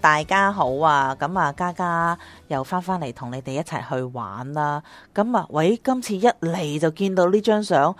大家好啊！咁啊，嘉嘉又翻返嚟同你哋一齊去玩啦，啊！咁啊，喂，今次一嚟就見到呢張相，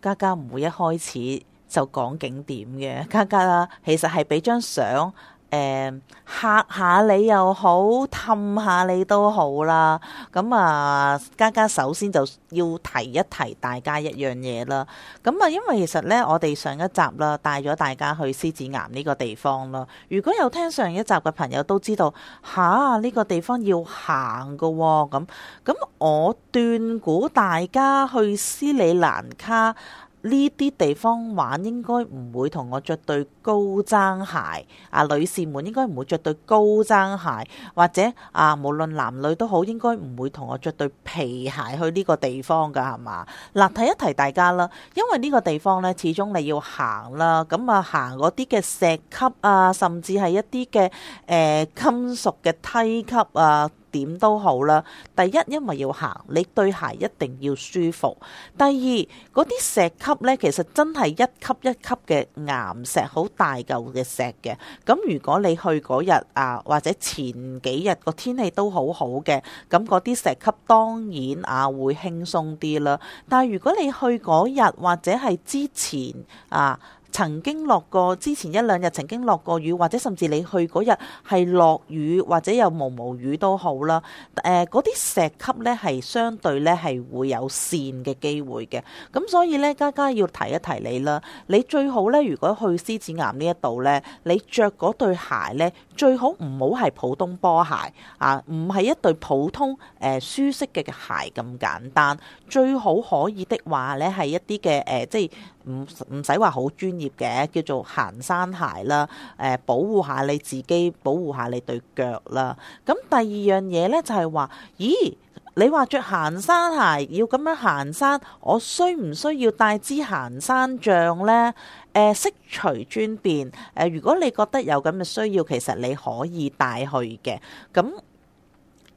嘉嘉唔會一開始就講景點嘅，嘉嘉啊，其實係俾張相。誒，吓、嗯、下你又好，氹下你都好啦。咁啊，家家首先就要提一提大家一樣嘢啦。咁啊，因為其實咧，我哋上一集啦，帶咗大家去獅子岩呢個地方啦。如果有聽上一集嘅朋友都知道，吓、啊、呢、這個地方要行㗎、哦，咁咁我斷估大家去斯里蘭卡。呢啲地方玩應該唔會同我着對高踭鞋啊，女士們應該唔會着對高踭鞋，或者啊，無論男女都好，應該唔會同我着對皮鞋去呢個地方㗎，係嘛？嗱、啊，提一提大家啦，因為呢個地方咧，始終你要、啊啊、行啦，咁啊行嗰啲嘅石級啊，甚至係一啲嘅誒金屬嘅梯級啊。點都好啦。第一，因為要行，你對鞋一定要舒服。第二，嗰啲石級呢，其實真係一級一級嘅岩石，好大嚿嘅石嘅。咁如果你去嗰日啊，或者前幾日個天氣都好好嘅，咁嗰啲石級當然啊會輕鬆啲啦。但係如果你去嗰日或者係之前啊，曾經落過，之前一兩日曾經落過雨，或者甚至你去嗰日係落雨，或者有毛毛雨都好啦。誒、呃，嗰啲石級咧係相對咧係會有跣嘅機會嘅。咁所以咧家家要提一提你啦。你最好咧，如果去獅子岩呢一度咧，你着嗰對鞋咧最好唔好係普通波鞋啊，唔係一對普通誒、呃、舒適嘅鞋咁簡單。最好可以的話咧係一啲嘅誒，即係唔唔使話好專業嘅叫做行山鞋啦，誒、呃，保護下你自己，保護下你對腳啦。咁第二樣嘢咧就係、是、話，咦，你話着行山鞋要咁樣行山，我需唔需要帶支行山杖咧？誒、呃，適隨轉變。誒、呃，如果你覺得有咁嘅需要，其實你可以帶去嘅。咁。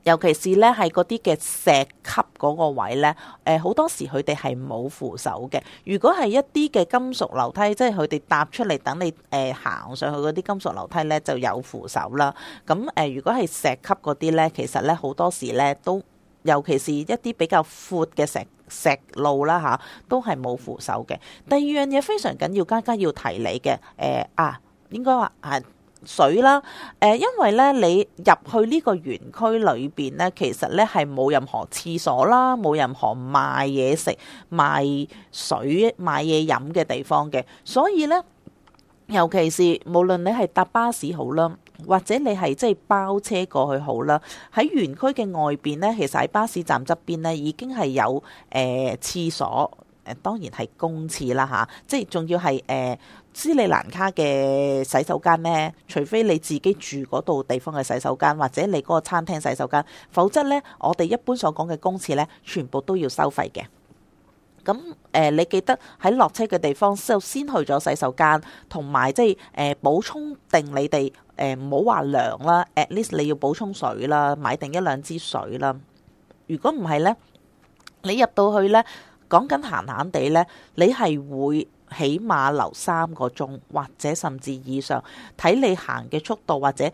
尤其是咧，係嗰啲嘅石級嗰個位咧，誒好多時佢哋係冇扶手嘅。如果係一啲嘅金屬樓梯，即係佢哋搭出嚟等你誒行上去嗰啲金屬樓梯咧，就有扶手啦。咁誒，如果係石級嗰啲咧，其實咧好多時咧都，尤其是一啲比較闊嘅石石路啦嚇，都係冇扶手嘅。第二樣嘢非常緊要，家家要提你嘅誒啊，應該話啊。水啦，誒，因為咧，你入去呢個園區裏邊咧，其實咧係冇任何廁所啦，冇任何賣嘢食、賣水、賣嘢飲嘅地方嘅，所以咧，尤其是無論你係搭巴士好啦，或者你係即係包車過去好啦，喺園區嘅外邊咧，其實喺巴士站側邊咧，已經係有誒廁所。誒當然係公廁啦，嚇、啊，即係仲要係誒、呃、斯里蘭卡嘅洗手間咧。除非你自己住嗰度地方嘅洗手間，或者你嗰個餐廳洗手間，否則呢，我哋一般所講嘅公廁呢，全部都要收費嘅。咁誒、呃，你記得喺落車嘅地方就先去咗洗手間，同埋即係誒補充定你哋誒唔好話涼啦，at least 你要補充水啦，買定一兩支水啦。如果唔係呢，你入到去呢。講緊閒閒地呢，你係會起碼留三個鐘，或者甚至以上，睇你行嘅速度或者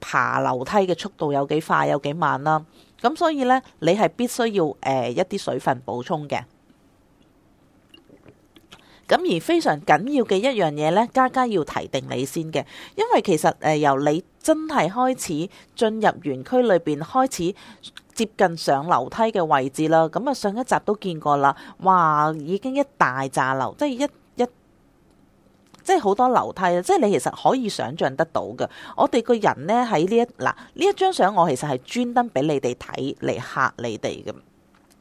爬樓梯嘅速度有幾快有幾慢啦。咁所以呢，你係必須要誒、呃、一啲水分補充嘅。咁而非常緊要嘅一樣嘢呢，家家要提定你先嘅，因為其實誒、呃、由你真係開始進入園區裏邊開始，接近上樓梯嘅位置啦，咁啊上一集都見過啦，哇已經一大紮樓，即係一一即係好多樓梯啊！即係你其實可以想象得到嘅。我哋個人呢喺呢一，嗱呢一張相，張我其實係專登俾你哋睇嚟嚇你哋嘅。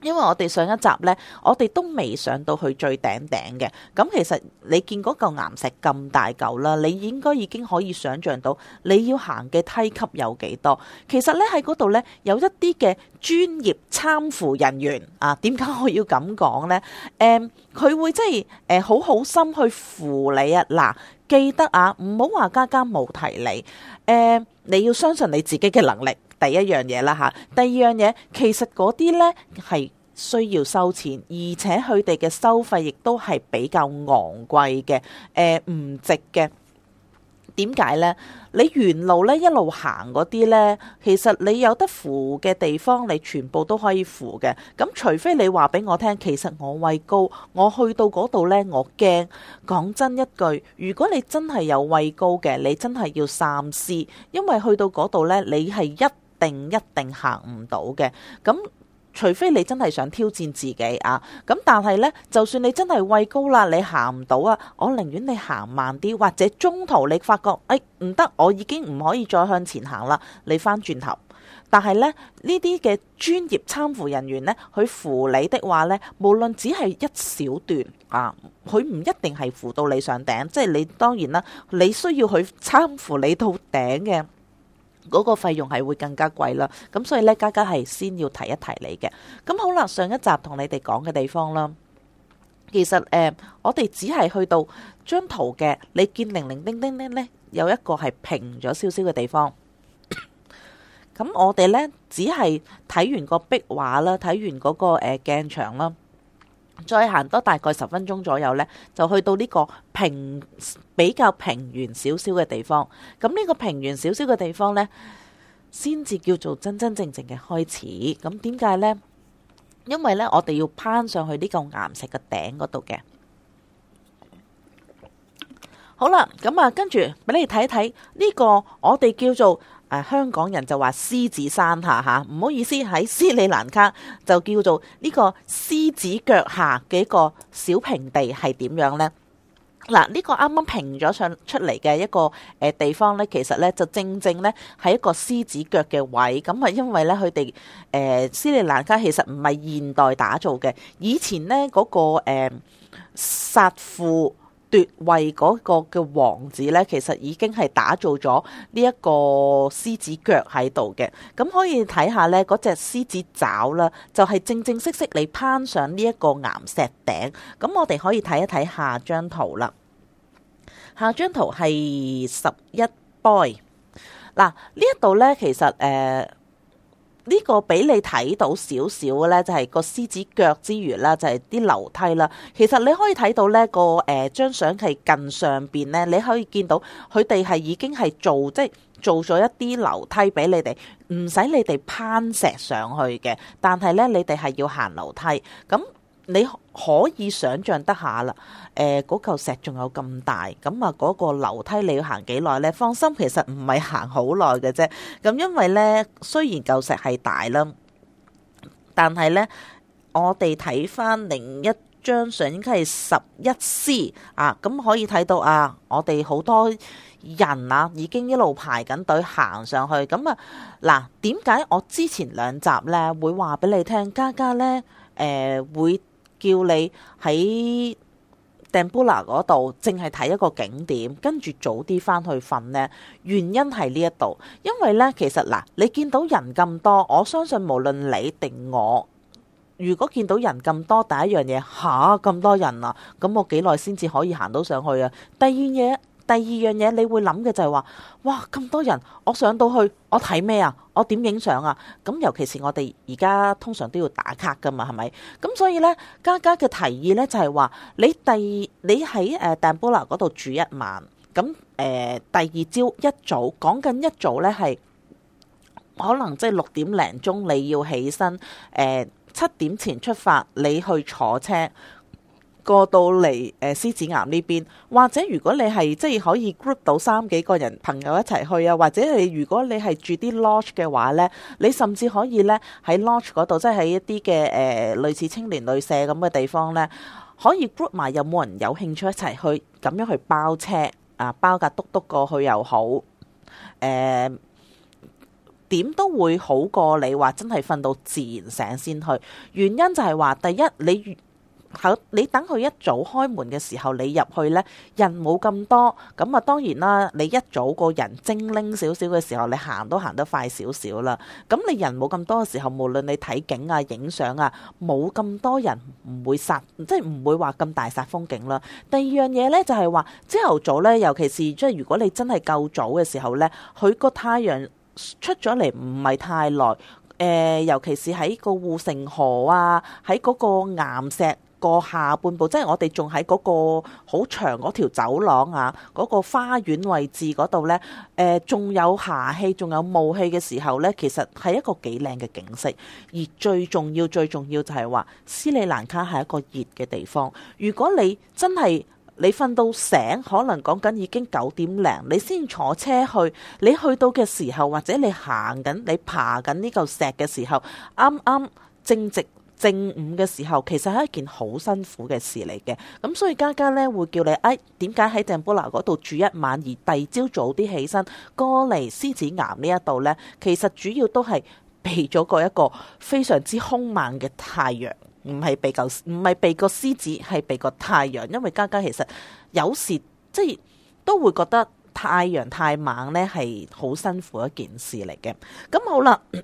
因為我哋上一集呢，我哋都未上到去最頂頂嘅。咁其實你見嗰嚿岩石咁大嚿啦，你應該已經可以想像到你要行嘅梯級有幾多。其實呢，喺嗰度呢，有一啲嘅專業攙扶人員啊，點解我要咁講呢？誒、嗯，佢會即係誒好好心去扶你啊！嗱，記得啊，唔好話家家冇提你。誒、嗯，你要相信你自己嘅能力。第一樣嘢啦嚇，第二樣嘢其實嗰啲呢係需要收錢，而且佢哋嘅收費亦都係比較昂貴嘅，誒、呃、唔值嘅。點解呢？你沿路呢一路行嗰啲呢，其實你有得扶嘅地方，你全部都可以扶嘅。咁除非你話俾我聽，其實我畏高，我去到嗰度呢，我驚。講真一句，如果你真係有畏高嘅，你真係要三思，因為去到嗰度呢，你係一定一定行唔到嘅，咁除非你真係想挑戰自己啊！咁但係咧，就算你真係畏高啦，你行唔到啊，我寧願你行慢啲，或者中途你發覺，誒唔得，我已經唔可以再向前行啦，你翻轉頭。但係咧，呢啲嘅專業攙扶人員咧，去扶你的話咧，無論只係一小段啊，佢唔一定係扶到你上頂，即係你當然啦，你需要去攙扶你到頂嘅。嗰個費用係會更加貴啦，咁所以呢，家家係先要提一提你嘅。咁好啦，上一集同你哋講嘅地方啦，其實誒、呃、我哋只係去到張圖嘅，你見零零丁丁呢，有一個係平咗少少嘅地方。咁 我哋呢，只係睇完個壁畫啦，睇完嗰、那個誒、呃、鏡場啦。再行多大概十分鐘左右呢，就去到呢個平比較平原少少嘅地方。咁呢個平原少少嘅地方呢，先至叫做真真正正嘅開始。咁點解呢？因為呢，我哋要攀上去呢嚿岩石嘅頂嗰度嘅。好啦，咁啊，跟住俾你睇睇呢個，我哋叫做。誒、啊，香港人就話獅子山下吓，唔、啊、好意思喺斯里蘭卡就叫做呢個獅子腳下嘅一個小平地係點樣呢？嗱、啊、呢、這個啱啱平咗上出嚟嘅一個誒、呃、地方呢，其實呢就正正呢係一個獅子腳嘅位。咁啊，因為呢，佢哋誒斯里蘭卡其實唔係現代打造嘅，以前呢嗰、那個誒殺、呃、父。奪位嗰個嘅王子呢，其實已經係打造咗呢一個獅子腳喺度嘅，咁可以睇下呢嗰隻獅子爪啦，就係正正式式嚟攀上呢一個岩石頂。咁我哋可以睇一睇下張圖啦，下張圖係十一 boy 嗱，呢一度呢，其實誒。呃呢個俾你睇到少少嘅咧，就係個獅子腳之餘啦，就係啲樓梯啦。其實你可以睇到咧，個誒張相係近上邊咧，你可以見到佢哋係已經係做即係做咗一啲樓梯俾你哋，唔使你哋攀石上去嘅，但係咧你哋係要行樓梯咁。你可以想象得下啦，誒嗰嚿石仲有咁大，咁啊嗰個樓梯你要行幾耐呢？放心，其實唔係行好耐嘅啫，咁因為呢，雖然嚿石係大啦，但係呢，我哋睇翻另一張相，應該係十一時啊，咁可以睇到啊，我哋好多人啊已經一路排緊隊行上去，咁啊嗱，點解我之前兩集呢會話俾你聽，家家呢誒、呃、會？叫你喺 Dambula 嗰度，淨係睇一個景點，跟住早啲翻去瞓呢。原因係呢一度，因為呢其實嗱，你見到人咁多，我相信無論你定我，如果見到人咁多，第一樣嘢嚇咁多人啊，咁我幾耐先至可以行到上去啊？第二樣嘢，第二樣嘢，你會諗嘅就係話，哇咁多人，我上到去，我睇咩啊？我點影相啊？咁尤其是我哋而家通常都要打卡噶嘛，係咪？咁所以呢，嘉嘉嘅提議呢就係、是、話，你第二你喺誒 Dambulla 嗰度住一晚，咁誒、呃、第二朝一早，講緊一早呢係可能即係六點零鐘你要起身，誒、呃、七點前出發，你去坐車。過到嚟誒獅子岩呢邊，或者如果你係即係可以 group 到三幾個人朋友一齊去啊，或者係如果你係住啲 lodge 嘅話呢，你甚至可以呢喺 lodge 嗰度，即係喺一啲嘅誒類似青年旅舍咁嘅地方呢，可以 group 埋有冇人有興趣一齊去，咁樣去包車啊，包架篤篤過去又好，誒點都會好過你話真係瞓到自然醒先去。原因就係話第一你。好，你等佢一早開門嘅時候，你入去呢，人冇咁多，咁啊當然啦，你一早個人精靈少少嘅時候，你行都行得快少少啦。咁你人冇咁多嘅時候，無論你睇景啊、影相啊，冇咁多人唔會殺，即係唔會話咁大殺風景啦。第二樣嘢呢就係話，朝頭早呢，尤其是即係如果你真係夠早嘅時候呢，佢個太陽出咗嚟唔係太耐，誒，尤其是喺個護城河啊，喺嗰個岩石。個下半部，即係我哋仲喺嗰個好長嗰條走廊啊，嗰、嗰個花園位置嗰度呢，誒、呃、仲有霞氣，仲有霧氣嘅時候呢，其實係一個幾靚嘅景色。而最重要、最重要就係話斯里蘭卡係一個熱嘅地方。如果你真係你瞓到醒，可能講緊已經九點零，你先坐車去，你去到嘅時候或者你行緊、你爬緊呢嚿石嘅時候，啱啱正直。正午嘅時候，其實係一件好辛苦嘅事嚟嘅。咁、嗯、所以嘉嘉咧會叫你，哎，點解喺鄭波拿嗰度住一晚，而第二朝早啲起身，過嚟獅子岩呢一度呢？其實主要都係避咗個一個非常之凶猛嘅太陽，唔係避舊，唔係避個獅子，係避個太陽。因為嘉嘉其實有時即係都會覺得太陽太猛呢，係好辛苦一件事嚟嘅。咁、嗯、好啦。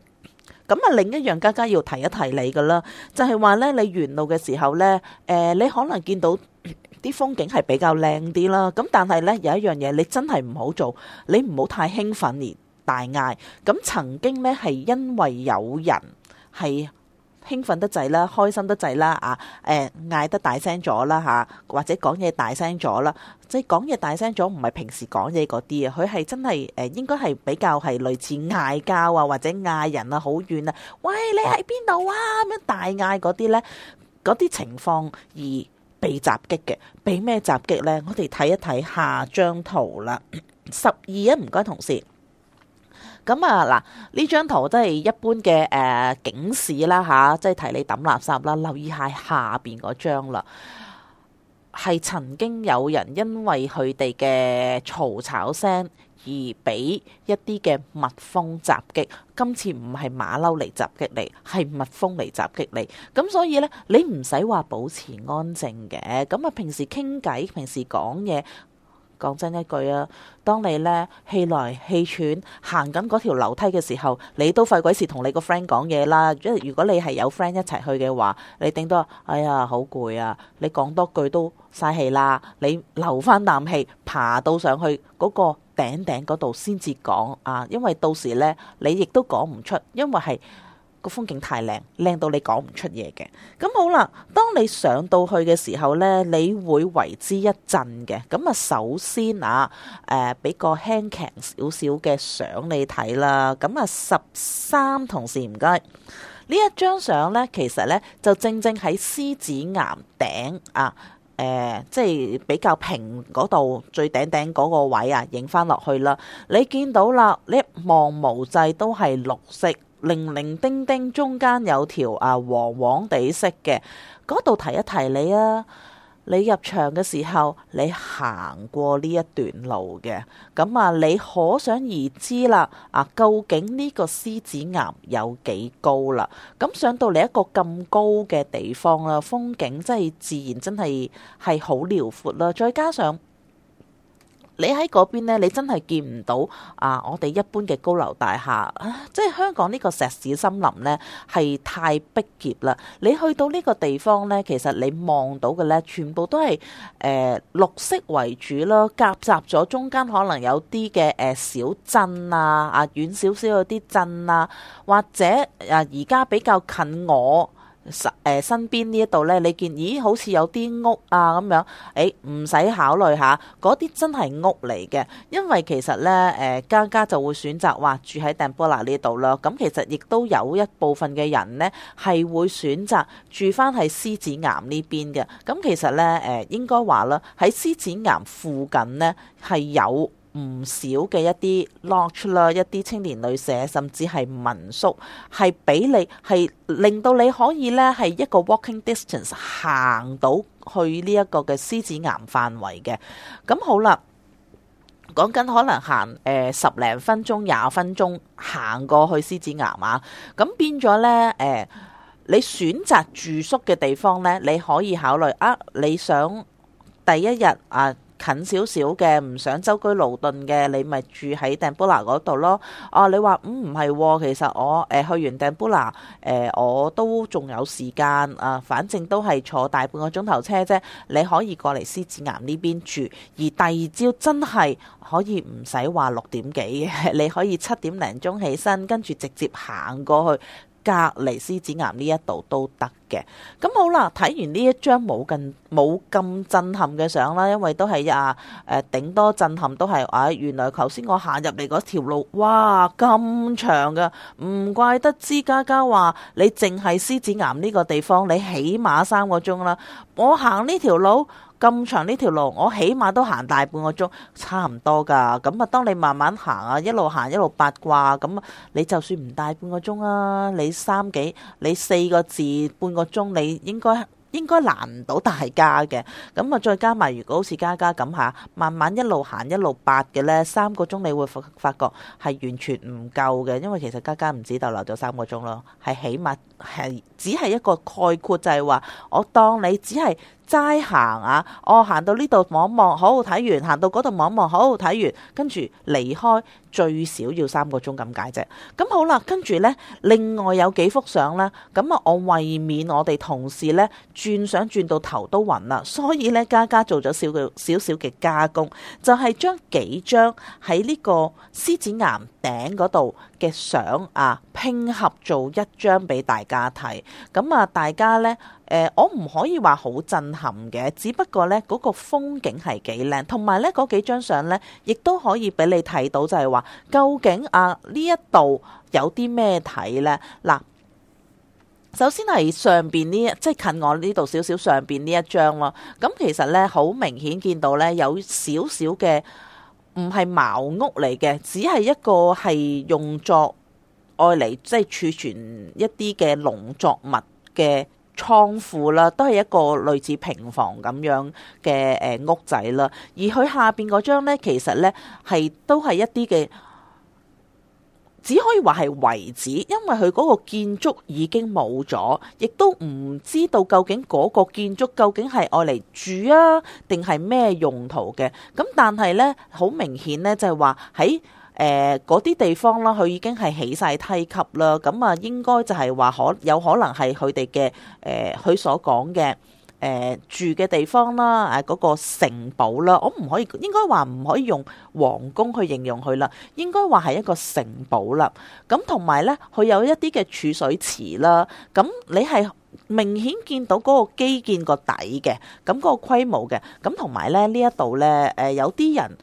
咁啊，另一樣家家要提一提你㗎啦，就係話咧，你沿路嘅時候咧，誒、呃，你可能見到啲、呃、風景係比較靚啲啦。咁但係咧，有一樣嘢你真係唔好做，你唔好太興奮而大嗌。咁曾經咧，係因為有人係。興奮得滯啦，開心得滯啦，啊誒嗌得大聲咗啦嚇，或者講嘢大聲咗啦，即係講嘢大聲咗，唔係平時講嘢嗰啲啊，佢係真係誒應該係比較係類似嗌交啊，或者嗌人啊，好遠啊，喂，你喺邊度啊？咁樣大嗌嗰啲咧，嗰啲情況而被襲擊嘅，被咩襲擊咧？我哋睇一睇下張圖啦，十二啊，唔該同事。咁啊，嗱呢張圖都係一般嘅誒、呃、警示啦，吓、啊，即係提你抌垃圾啦。留意下下邊嗰張啦，係曾經有人因為佢哋嘅嘈吵聲而俾一啲嘅蜜蜂襲擊。今次唔係馬騮嚟襲擊你，係蜜蜂嚟襲擊你。咁所以呢，你唔使話保持安靜嘅。咁啊，平時傾偈，平時講嘢。講真一句啊，當你呢氣來氣喘，行緊嗰條樓梯嘅時候，你都費鬼事同你個 friend 講嘢啦。因為如果你係有 friend 一齊去嘅話，你頂多哎呀好攰啊，你講多句都嘥氣啦。你留翻啖氣爬到上去嗰個頂頂嗰度先至講啊，因為到時呢，你亦都講唔出，因為係。個風景太靚，靚到你講唔出嘢嘅。咁好啦，當你上到去嘅時候呢，你會為之一震嘅。咁啊，首先啊，誒、呃，俾個輕強少少嘅相你睇啦。咁啊，十三同事唔該，呢一張相呢，其實呢就正正喺獅子岩頂啊，誒、呃，即係比較平嗰度最頂頂嗰個位啊，影返落去啦。你見到啦？你一望無際都係綠色。零零丁丁，中間有條啊黃黃地色嘅，嗰度提一提你啊，你入場嘅時候你行過呢一段路嘅，咁啊，你可想而知啦啊，究竟呢個獅子岩有幾高啦？咁、啊、上到嚟一個咁高嘅地方啦，風景真係自然真係係好遼闊啦，再加上。你喺嗰邊咧，你真係見唔到啊！我哋一般嘅高樓大廈，啊、即係香港呢個石屎森林咧，係太逼傑啦。你去到呢個地方咧，其實你望到嘅咧，全部都係誒、呃、綠色為主咯，夾雜咗中間可能有啲嘅誒小鎮啊，啊遠少少有啲鎮啊，或者啊而家比較近我。身身邊呢一度咧，你見咦，好似有啲屋啊咁樣，誒唔使考慮下，嗰啲真係屋嚟嘅，因為其實咧誒、呃、家家就會選擇話住喺丹波拿呢度咯，咁其實亦都有一部分嘅人咧係會選擇住翻喺獅子岩呢邊嘅，咁其實咧誒、呃、應該話啦，喺獅子岩附近呢，係有，唔少嘅一啲 lodge 啦，一啲青年旅社，甚至係民宿，係俾你，係令到你可以咧，係一個 walking distance 行到去呢一個嘅獅子岩範圍嘅。咁好啦，講緊可能行誒、呃、十零分鐘、廿分鐘行過去獅子岩啊，咁變咗咧，誒、呃，你選擇住宿嘅地方咧，你可以考慮啊，你想第一日啊。近少少嘅，唔想周居勞頓嘅，你咪住喺丹布拉嗰度咯。哦、啊，你話嗯唔係、哦，其實我誒、呃、去完丹布拉誒，我都仲有時間啊，反正都係坐大半個鐘頭車啫。你可以過嚟獅子岩呢邊住，而第二朝真係可以唔使話六點幾嘅，你可以七點零鐘起身，跟住直接行過去。隔離獅子岩呢一度都得嘅，咁好啦，睇完呢一張冇咁冇咁震撼嘅相啦，因為都係啊誒，頂多震撼都係，哎，原來頭先我行入嚟嗰條路，哇，咁長噶，唔怪得知家家話你淨係獅子岩呢個地方，你起碼三個鐘啦，我行呢條路，咁長呢條路，我起碼都行大半個鐘，差唔多噶。咁啊，當你慢慢行啊，一路行一路八卦，咁你就算唔大半個鐘啊，你三幾，你四個字半個鐘，你應該應該難唔到大家嘅。咁啊，再加埋如果好似嘉嘉咁吓，慢慢一路行一路八嘅，呢三個鐘你會發發覺係完全唔夠嘅，因為其實嘉嘉唔止逗留咗三個鐘咯，係起碼係只係一個概括，就係話我當你只係。齋行啊！我、哦、行到呢度望一望，好睇完；行到嗰度望一望，好睇完。跟住離開最少要三個鐘咁解啫。咁好啦，跟住呢，另外有幾幅相啦。咁啊，我為免我哋同事呢轉相轉到頭都暈啦，所以呢，家家做咗少少少嘅加工，就係、是、將幾張喺呢個獅子岩頂嗰度。嘅相啊，拼合做一張俾大家睇，咁啊，大家呢，誒、呃，我唔可以話好震撼嘅，只不過呢嗰、嗰個風景係幾靚，同埋呢嗰幾張相呢，亦都可以俾你睇到就，就係話究竟啊呢一度有啲咩睇呢？嗱，首先係上邊呢，即係近我呢度少少上邊呢一張咯，咁、啊、其實呢，好明顯見到呢有少少嘅。唔係茅屋嚟嘅，只係一個係用作愛嚟，即係儲存一啲嘅農作物嘅倉庫啦，都係一個類似平房咁樣嘅誒屋仔啦。而佢下邊嗰張呢，其實呢，係都係一啲嘅。只可以話係遺址，因為佢嗰個建築已經冇咗，亦都唔知道究竟嗰個建築究竟係愛嚟住啊，定係咩用途嘅？咁但係呢，好明顯呢，就係話喺誒嗰啲地方啦，佢已經係起晒梯級啦，咁啊，應該就係話可有可能係佢哋嘅誒佢所講嘅。誒、呃、住嘅地方啦，誒、啊、嗰、那個城堡啦，我唔可以應該話唔可以用皇宮去形容佢啦，應該話係一個城堡啦。咁同埋咧，佢有一啲嘅儲水池啦。咁你係明顯見到嗰個基建個底嘅，咁個規模嘅。咁同埋咧，呢一度咧，誒、呃、有啲人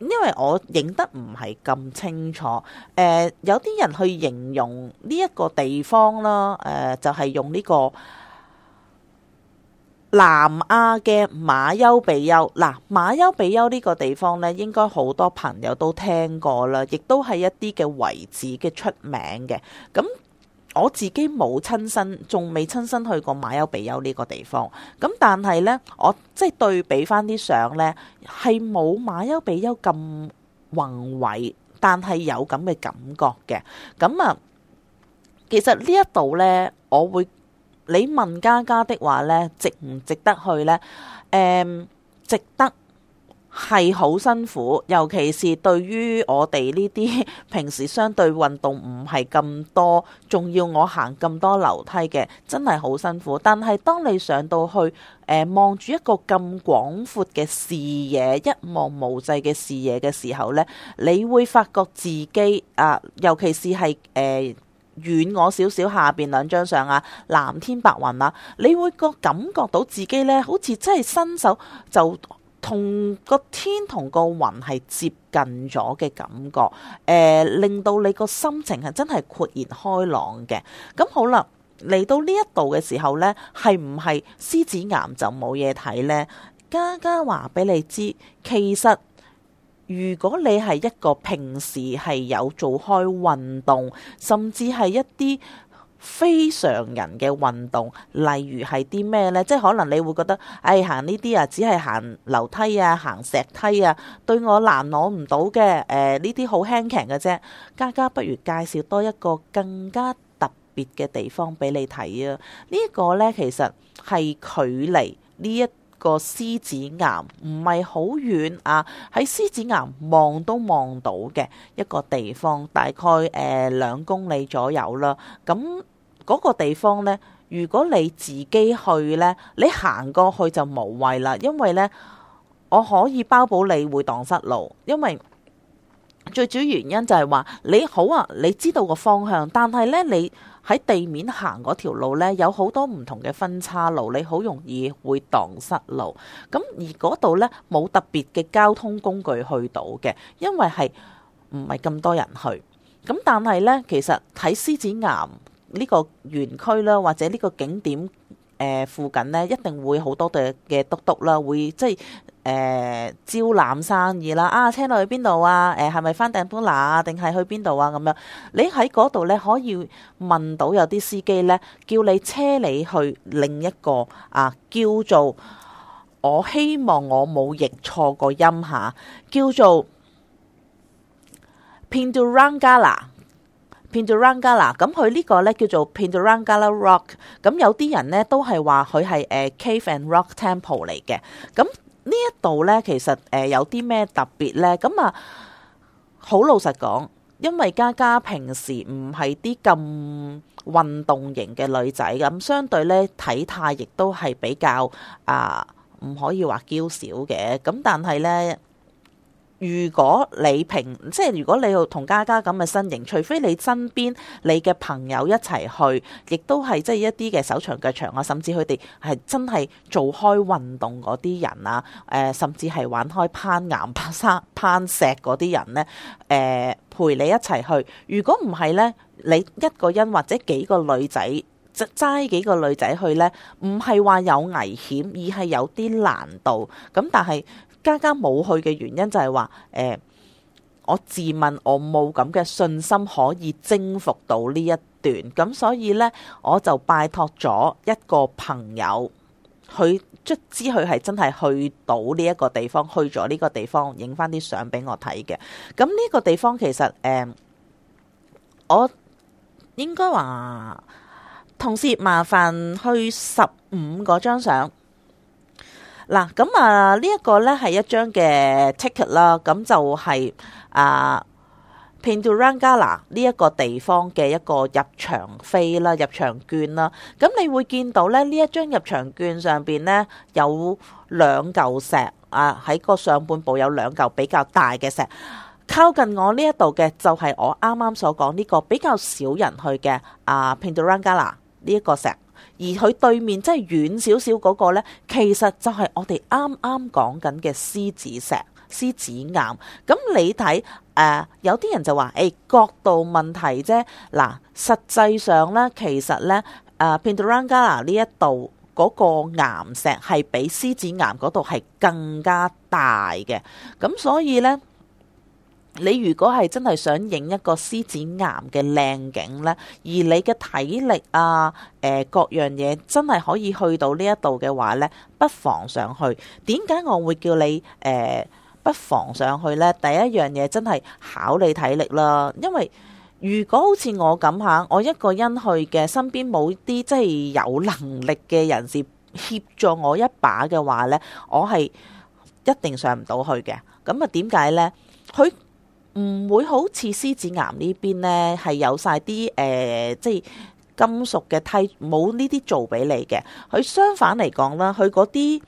因為我影得唔係咁清楚，誒、呃、有啲人去形容呢一個地方啦，誒、呃、就係、是、用呢、這個南亞嘅馬丘比丘，嗱馬丘比丘呢個地方咧，應該好多朋友都聽過啦，亦都係一啲嘅遺址嘅出名嘅。咁我自己冇親身，仲未親身去過馬丘比丘呢個地方。咁但係呢，我即係對比翻啲相呢，係冇馬丘比丘咁宏偉，但係有咁嘅感覺嘅。咁啊，其實呢一度呢，我會。你問家家的話呢，值唔值得去呢？誒、嗯，值得，係好辛苦，尤其是對於我哋呢啲平時相對運動唔係咁多，仲要我行咁多樓梯嘅，真係好辛苦。但係當你上到去誒，望、呃、住一個咁廣闊嘅視野，一望無際嘅視野嘅時候呢，你會發覺自己啊、呃，尤其是係誒。呃遠我少少下邊兩張相啊，藍天白雲啊，你會覺感覺到自己呢，好似真係伸手就同個天同個雲係接近咗嘅感覺，誒、呃，令到你個心情係真係豁然開朗嘅。咁好啦，嚟到呢一度嘅時候呢，係唔係獅子岩就冇嘢睇呢？嘉嘉話俾你知，其實。如果你係一個平時係有做開運動，甚至係一啲非常人嘅運動，例如係啲咩呢？即係可能你會覺得，誒，行呢啲啊，只係行樓梯啊，行石梯啊，對我難攞唔到嘅，誒呢啲好輕騎嘅啫。家家不如介紹多一個更加特別嘅地方俾你睇啊！呢個呢，其實係距離呢一個獅子岩唔係好遠啊，喺獅子岩望都望到嘅一個地方，大概誒兩公里左右啦。咁嗰個地方呢，如果你自己去呢，你行過去就無謂啦，因為呢，我可以包保你會蕩失路，因為。最主要原因就係、是、話你好啊，你知道個方向，但係咧你喺地面行嗰條路咧，有好多唔同嘅分岔路，你好容易會蕩失路。咁而嗰度咧冇特別嘅交通工具去到嘅，因為係唔係咁多人去。咁但係咧，其實喺獅子岩呢個園區啦，或者呢個景點誒附近咧，一定會好多嘅嘅嘟嘟啦，會即係。誒、呃，招攬生意啦，啊，車我去邊度啊？誒、呃，係咪翻 Dambulla 啊？定係去邊度啊？咁樣，你喺嗰度咧可以問到有啲司機咧，叫你車你去另一個啊，叫做我希望我冇譯錯個音吓，叫做 Pindurangala，Pindurangala、嗯。咁佢呢個咧叫做 Pindurangala Rock、嗯。咁有啲人咧都係話佢係誒 Cave and Rock Temple 嚟嘅。咁、嗯呢一度呢，其實誒、呃、有啲咩特別呢？咁啊，好老實講，因為嘉嘉平時唔係啲咁運動型嘅女仔，咁相對呢，體態亦都係比較啊，唔可以話嬌小嘅。咁但係呢。如果你平即係如果你要同嘉嘉咁嘅身形，除非你身邊你嘅朋友一齊去，亦都係即係一啲嘅手長腳長啊，甚至佢哋係真係做開運動嗰啲人啊，誒、呃，甚至係玩開攀岩、攀山、攀石嗰啲人咧，誒，陪你一齊去。如果唔係咧，你一個人或者幾個女仔，齋幾個女仔去咧，唔係話有危險，而係有啲難度。咁但係。家家冇去嘅原因就係話，誒，我自問我冇咁嘅信心可以征服到呢一段，咁所以呢，我就拜託咗一個朋友，佢卒之佢係真係去到呢一個地方，去咗呢個地方影翻啲相俾我睇嘅。咁呢個地方其實，誒，我應該話，同事麻煩去十五嗰張相。嗱，咁啊，呢一個呢係一張嘅 ticket 啦，咁就係啊 Pidurangala 啦，呢一個地方嘅一個入場飛啦，入場券啦。咁你會見到咧，呢一張入場券上邊呢，有兩嚿石啊，喺個上半部有兩嚿比較大嘅石，靠近我呢一度嘅就係我啱啱所講呢個比較少人去嘅啊 Pidurangala 啦，呢一個石。而佢對面即係遠少少嗰個咧，其實就係我哋啱啱講緊嘅獅子石、獅子岩。咁你睇誒、呃，有啲人就話：誒、欸、角度問題啫。嗱，實際上呢，其實呢，誒 Pentland Gla 呢一度嗰、那個岩石係比獅子岩嗰度係更加大嘅。咁所以呢。你如果係真係想影一個獅子岩嘅靚景呢，而你嘅體力啊，誒、呃，各樣嘢真係可以去到呢一度嘅話呢，不妨上去。點解我會叫你誒、呃、不妨上去呢？第一樣嘢真係考你體力啦，因為如果好似我咁吓，我一個人去嘅，身邊冇啲真係有能力嘅人士協助我一把嘅話呢，我係一定上唔到去嘅。咁啊，點解呢？佢唔會好似獅子岩呢邊呢，係有晒啲誒，即係金屬嘅梯，冇呢啲做俾你嘅。佢相反嚟講啦，佢嗰啲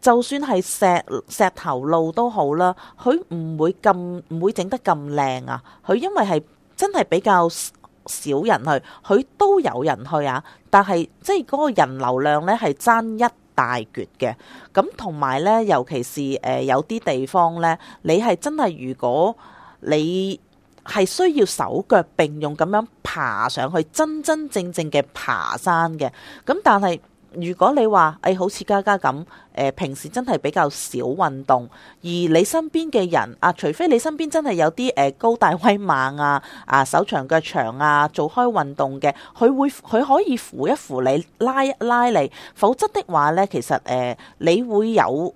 就算係石石頭路都好啦，佢唔會咁，唔會整得咁靚啊！佢因為係真係比較少人去，佢都有人去啊，但係即係嗰個人流量呢，係爭一大橛嘅。咁同埋呢，尤其是誒、呃、有啲地方呢，你係真係如果你係需要手腳並用咁樣爬上去，真真正正嘅爬山嘅。咁但係如果你話誒、哎、好似家家咁誒、呃，平時真係比較少運動，而你身邊嘅人啊，除非你身邊真係有啲誒、呃、高大威猛啊，啊手長腳長啊，做開運動嘅，佢會佢可以扶一扶你，拉一拉你。否則的話呢，其實誒、呃、你會有。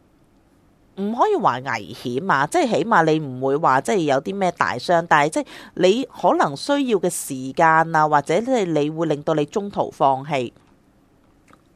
唔可以話危險啊，即係起碼你唔會話即係有啲咩大傷，但係即係你可能需要嘅時間啊，或者即係你會令到你中途放棄，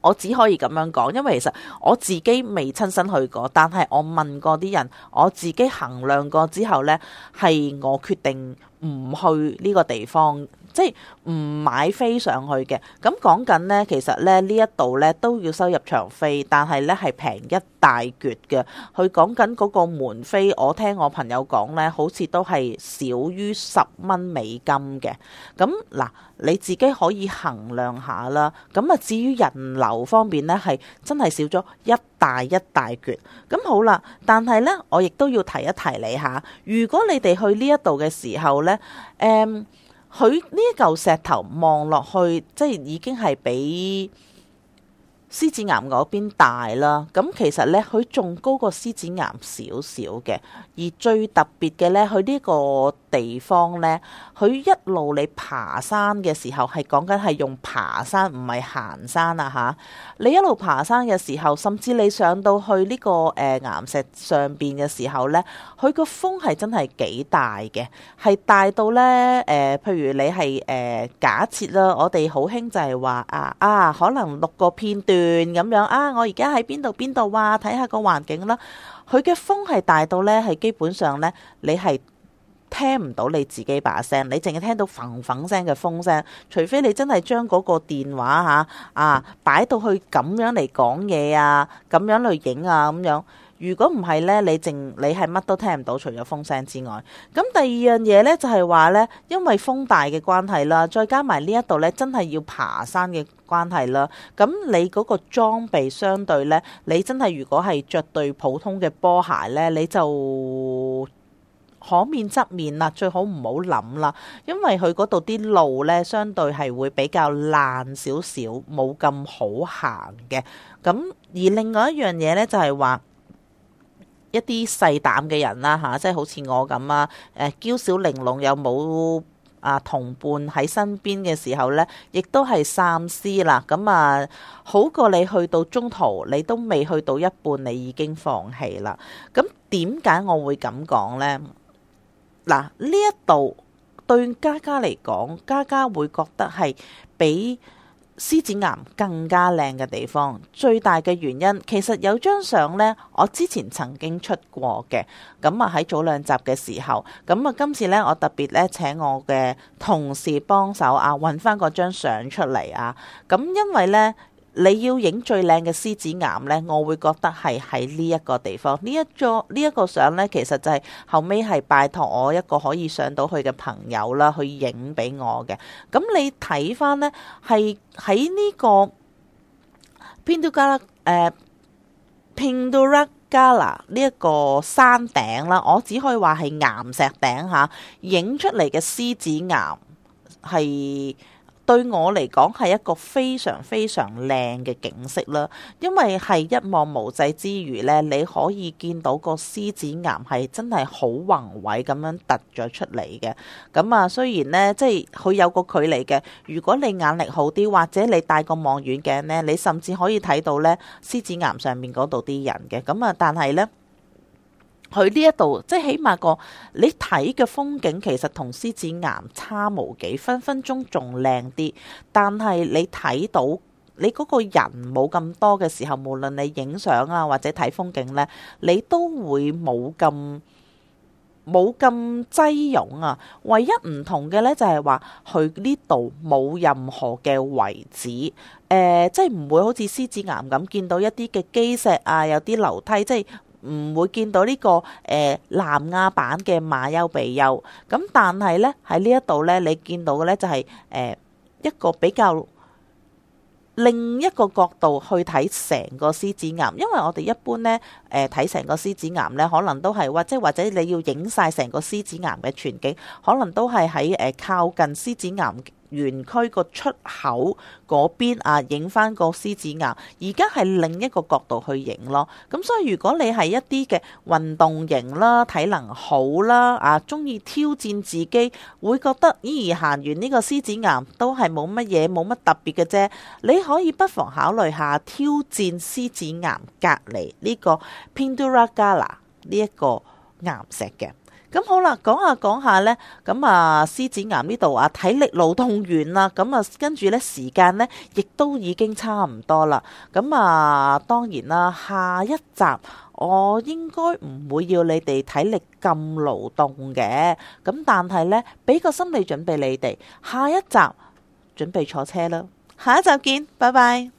我只可以咁樣講，因為其實我自己未親身去過，但係我問過啲人，我自己衡量過之後呢，係我決定唔去呢個地方。即係唔買飛上去嘅，咁講緊呢，其實呢呢一度呢都要收入場費，但係呢係平一大橛嘅。佢講緊嗰個門飛，我聽我朋友講呢，好似都係少於十蚊美金嘅。咁嗱，你自己可以衡量下啦。咁啊，至於人流方面呢，係真係少咗一大一大橛。咁好啦，但係呢，我亦都要提一提你吓。如果你哋去呢一度嘅時候呢，誒、嗯。佢呢一嚿石頭望落去，即係已經係比獅子岩嗰邊大啦。咁其實呢，佢仲高過獅子岩少少嘅。而最特別嘅呢，佢呢個。地方呢，佢一路你爬山嘅時候係講緊，係用爬山，唔係行山啊吓！你一路爬山嘅時候，甚至你上到去，這，呢個誒、呃、岩石上邊嘅時候咧，佢個風係真係幾大嘅，係大到咧誒、呃，譬如你係誒、呃、假設啦，我哋好興就係話啊啊，可能錄個片段咁樣啊，我而家喺邊度邊度啊，睇下個環境啦。佢嘅風係大到咧，係基本上咧，你係。聽唔到你自己把聲，你淨係聽到粉粉聲嘅風聲，除非你真係將嗰個電話吓啊擺到去咁樣嚟講嘢啊，咁樣嚟影啊咁樣。如果唔係咧，你淨你係乜都聽唔到，除咗風聲之外。咁第二樣嘢咧就係話咧，因為風大嘅關係啦，再加埋呢一度咧真係要爬山嘅關係啦。咁你嗰個裝備相對咧，你真係如果係着對普通嘅波鞋咧，你就。可免則免啦，最好唔好諗啦，因為佢嗰度啲路呢，相對係會比較爛少少，冇咁好行嘅。咁而另外一樣嘢呢，就係話一啲細膽嘅人啦，嚇、啊，即係好似我咁啊，誒嬌小玲瓏又冇啊同伴喺身邊嘅時候呢，亦都係三思啦。咁啊，好過你去到中途，你都未去到一半，你已經放棄啦。咁點解我會咁講呢？嗱，呢一度對嘉嘉嚟講，嘉嘉會覺得係比獅子岩更加靚嘅地方。最大嘅原因其實有張相呢，我之前曾經出過嘅。咁啊喺早兩集嘅時候，咁啊今次呢，我特別呢請我嘅同事幫手啊，揾翻嗰張相出嚟啊。咁因為呢。你要影最靚嘅獅子岩呢，我會覺得係喺呢一個地方，呢一座呢一個相呢，其實就係後尾係拜託我一個可以上到去嘅朋友啦，去影俾我嘅。咁、嗯、你睇翻呢，係喺呢個 Pidurangala 誒 Pidurangala 呢一個山頂啦，我只可以話係岩石頂吓，影、啊、出嚟嘅獅子岩係對我嚟講係一個非常非常靚嘅景色啦，因為係一望無際之餘咧，你可以見到個獅子岩係真係好宏偉咁樣突咗出嚟嘅。咁啊，雖然咧即係佢有個距離嘅，如果你眼力好啲，或者你戴個望遠鏡咧，你甚至可以睇到咧獅子岩上面嗰度啲人嘅。咁啊，但係咧。佢呢一度即係起碼個你睇嘅風景其實同獅子岩差無幾，分分鐘仲靚啲。但係你睇到你嗰個人冇咁多嘅時候，無論你影相啊或者睇風景呢，你都會冇咁冇咁擠擁啊。唯一唔同嘅呢，就係話，佢呢度冇任何嘅遺址，誒、呃，即係唔會好似獅子岩咁見到一啲嘅基石啊，有啲樓梯，即係。唔會見到呢、這個誒、呃、南亞版嘅馬丘比丘，咁但係呢，喺呢一度呢，你見到嘅呢就係、是、誒、呃、一個比較另一個角度去睇成個獅子岩，因為我哋一般呢，誒睇成個獅子岩呢，可能都係或者或者你要影晒成個獅子岩嘅全景，可能都係喺誒靠近獅子岩園區個出口嗰邊啊，影返個獅子岩，而家係另一個角度去影咯。咁所以如果你係一啲嘅運動型啦、體能好啦啊，鍾意挑戰自己，會覺得咦，行完呢個獅子岩都係冇乜嘢、冇乜特別嘅啫。你可以不妨考慮下挑戰獅子岩隔離呢個 Pinduragala 呢一個岩石嘅。咁好啦，講下講下呢。咁啊獅子岩呢度啊體力勞動完啦，咁啊跟住呢時間呢，亦都已經差唔多啦，咁啊當然啦、啊、下一集我應該唔會要你哋體力咁勞動嘅，咁但係呢，俾個心理準備你哋，下一集準備坐車啦，下一集見，拜拜。